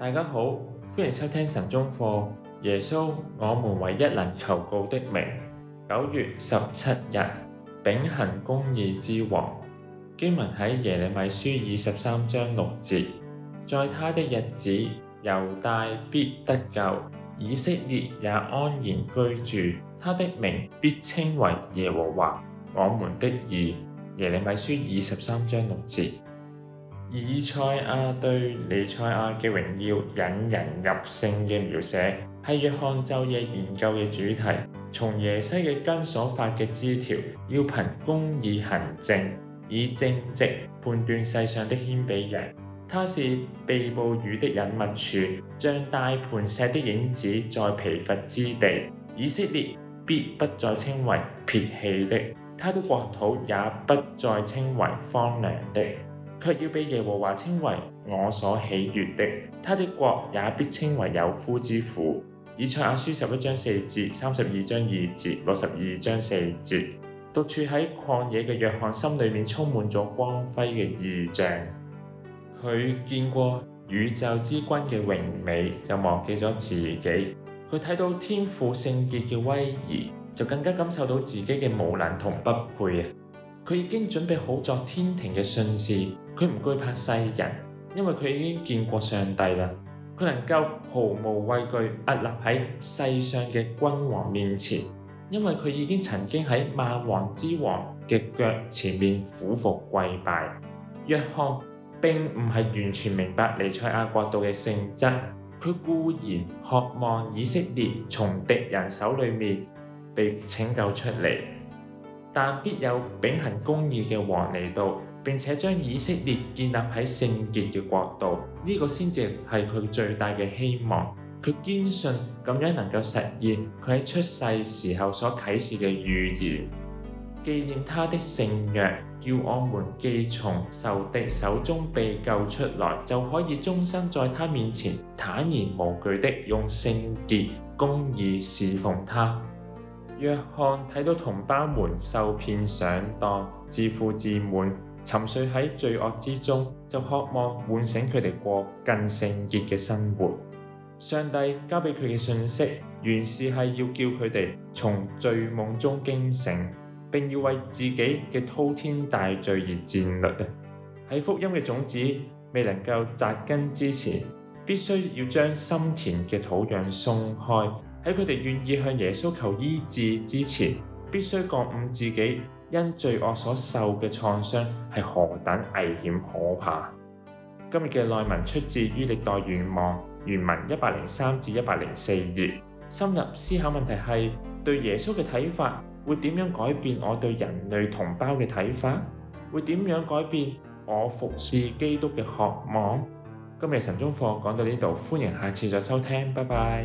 大家好，歡迎收聽神中課。耶穌，我們唯一能求告的名。九月十七日，秉行公義之王。經文喺耶利米書二十三章六節，在他的日子，猶大必得救，以色列也安然居住。他的名必稱為耶和華我們的義。耶利米書二十三章六節。以賽亞對彌賽亞嘅榮耀引人入勝嘅描寫係《約翰晝夜研究》嘅主題。從耶西嘅根所發嘅枝條，要憑公義行正，以正直判斷世上的謙卑人。他是避暴雨的隱密處，像大磐石的影子，在疲乏之地。以色列必不再稱為撇棄的，他的國土也不再稱為荒涼的。卻要被耶和華稱為我所喜悅的，他的國也必稱為有夫之婦。以賽亞書十一章四節、三十二章二節、六十二章四節，獨處喺曠野嘅約翰心裏面充滿咗光輝嘅意象，佢見過宇宙之君嘅榮美，就忘記咗自己；佢睇到天父聖潔嘅威儀，就更加感受到自己嘅無能同不配啊！佢已經準備好作天庭嘅信使。佢唔懼怕世人，因為佢已經見過上帝啦。佢能夠毫無畏懼屹立喺世上嘅君王面前，因為佢已經曾經喺萬王之王嘅腳前面俯伏跪拜。約翰並唔係完全明白彌賽亞國度嘅性質，佢固然渴望以色列從敵人手裏面被拯救出嚟，但必有秉行公義嘅王嚟到，並且將以色列建立喺聖潔嘅國度，呢、這個先至係佢最大嘅希望。佢堅信咁樣能夠實現佢喺出世時候所啟示嘅預言，紀念他的聖約，叫我們既從仇敵手中被救出來，就可以終身在他面前坦然無懼的用聖潔公義侍奉他。約翰睇到同胞們受騙上當，自負自滿。沉睡喺罪惡之中，就渴望喚醒佢哋過更聖潔嘅生活。上帝交俾佢嘅信息，原是係要叫佢哋從醉夢中驚醒，並要為自己嘅滔天大罪而戰慄。啊！喺福音嘅種子未能夠扎根之前，必須要將心田嘅土壤鬆開。喺佢哋願意向耶穌求醫治之前，必須覺悟自己。因罪惡所受嘅創傷係何等危險可怕。今日嘅內文出自於歷代願望，原文一百零三至一百零四頁。深入思考問題係：對耶穌嘅睇法會點樣改變我對人類同胞嘅睇法？會點樣改變我服侍基督嘅渴望？今日神宗課講到呢度，歡迎下次再收聽，拜拜。